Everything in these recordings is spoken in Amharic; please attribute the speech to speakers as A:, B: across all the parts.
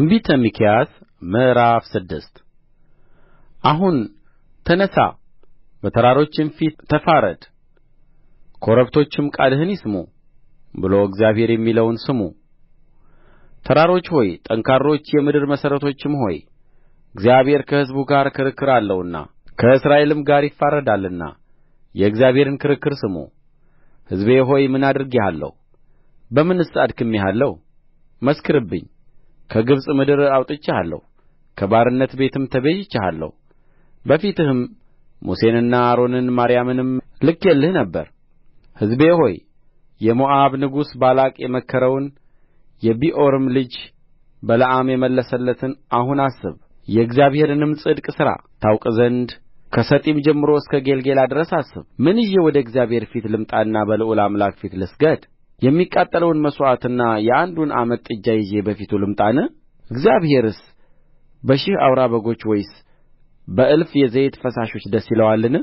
A: ትንቢተ ሚክያስ ምዕራፍ ስድስት አሁን ተነሣ በተራሮችም ፊት ተፋረድ ኮረብቶችም ቃልህን ይስሙ ብሎ እግዚአብሔር የሚለውን ስሙ ተራሮች ሆይ ጠንካሮች የምድር መሠረቶችም ሆይ እግዚአብሔር ከሕዝቡ ጋር ክርክር አለውና ከእስራኤልም ጋር ይፋረዳልና የእግዚአብሔርን ክርክር ስሙ ሕዝቤ ሆይ ምን አድርጌሃለሁ በምንስ አድክሜሃለሁ መስክርብኝ ከግብጽ ምድር አውጥቼሃለሁ ከባርነት ቤትም ተቤዥቼሃለሁ በፊትህም ሙሴንና አሮንን ማርያምንም ልኬልህ ነበር ሕዝቤ ሆይ የሞዓብ ንጉሥ ባላቅ የመከረውን የቢዖርም ልጅ በለዓም የመለሰለትን አሁን አስብ የእግዚአብሔርንም ጽድቅ ሥራ ታውቅ ዘንድ ከሰጢም ጀምሮ እስከ ጌልገላ ድረስ አስብ ምን ይዤ ወደ እግዚአብሔር ፊት ልምጣና በልዑል አምላክ ፊት ልስገድ የሚቃጠለውን መሥዋዕትና የአንዱን ዓመት ጥጃ ይዤ በፊቱ ልምጣን እግዚአብሔርስ በሺህ አውራ በጎች ወይስ በእልፍ የዘይት ፈሳሾች ደስ ይለዋልን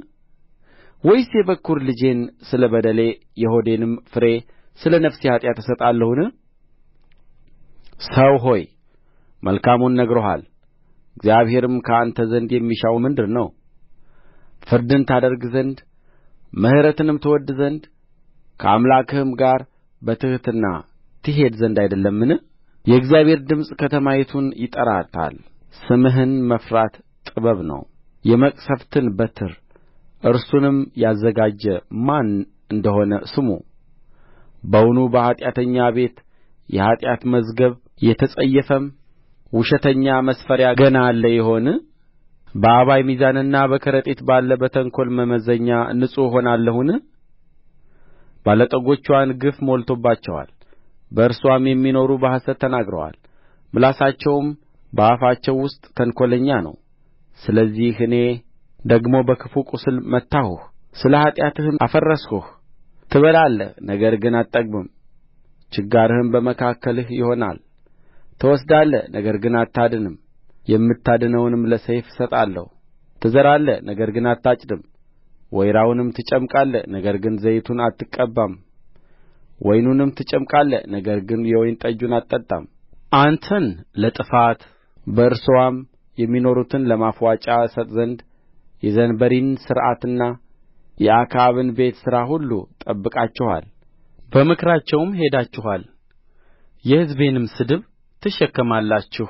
A: ወይስ የበኵር ልጄን ስለ በደሌ የሆዴንም ፍሬ ስለ ነፍሴ ኃጢአት እሰጣለሁን ሰው ሆይ መልካሙን ነግሮሃል እግዚአብሔርም ከአንተ ዘንድ የሚሻው ምንድር ነው ፍርድን ታደርግ ዘንድ ምሕረትንም ትወድድ ዘንድ ከአምላክህም ጋር በትሕትና ትሄድ ዘንድ አይደለምን የእግዚአብሔር ድምፅ ከተማይቱን ይጠራታል ስምህን መፍራት ጥበብ ነው የመቅሠፍትን በትር እርሱንም ያዘጋጀ ማን እንደ ሆነ ስሙ በውኑ በኃጢአተኛ ቤት የኃጢአት መዝገብ የተጸየፈም ውሸተኛ መስፈሪያ ገና አለ ይሆን በአባይ ሚዛንና በከረጢት ባለ በተንኰል መመዘኛ ንጹሕ እሆናለሁን ባለጠጎቿን ግፍ ሞልቶባቸዋል በእርስዋም የሚኖሩ በሐሰት ተናግረዋል ምላሳቸውም በአፋቸው ውስጥ ተንኰለኛ ነው ስለዚህ እኔ ደግሞ በክፉ ቍስል መታሁህ ስለ ኃጢአትህም አፈረስሁህ ትበላለህ ነገር ግን አትጠግብም ችጋርህም በመካከልህ ይሆናል ትወስዳለህ ነገር ግን አታድንም የምታድነውንም ለሰይፍ እሰጣለሁ ትዘራለህ ነገር ግን አታጭድም ወይራውንም ትጨምቃለህ ነገር ግን ዘይቱን አትቀባም ወይኑንም ትጨምቃለህ ነገር ግን የወይን ጠጁን አትጠጣም አንተን ለጥፋት በእርስዋም የሚኖሩትን ለማፍዋጫ እሰጥ ዘንድ የዘንበሪን ሥርዓትና የአክዓብን ቤት ሥራ ሁሉ ጠብቃችኋል በምክራቸውም ሄዳችኋል የሕዝቤንም ስድብ ትሸከማላችሁ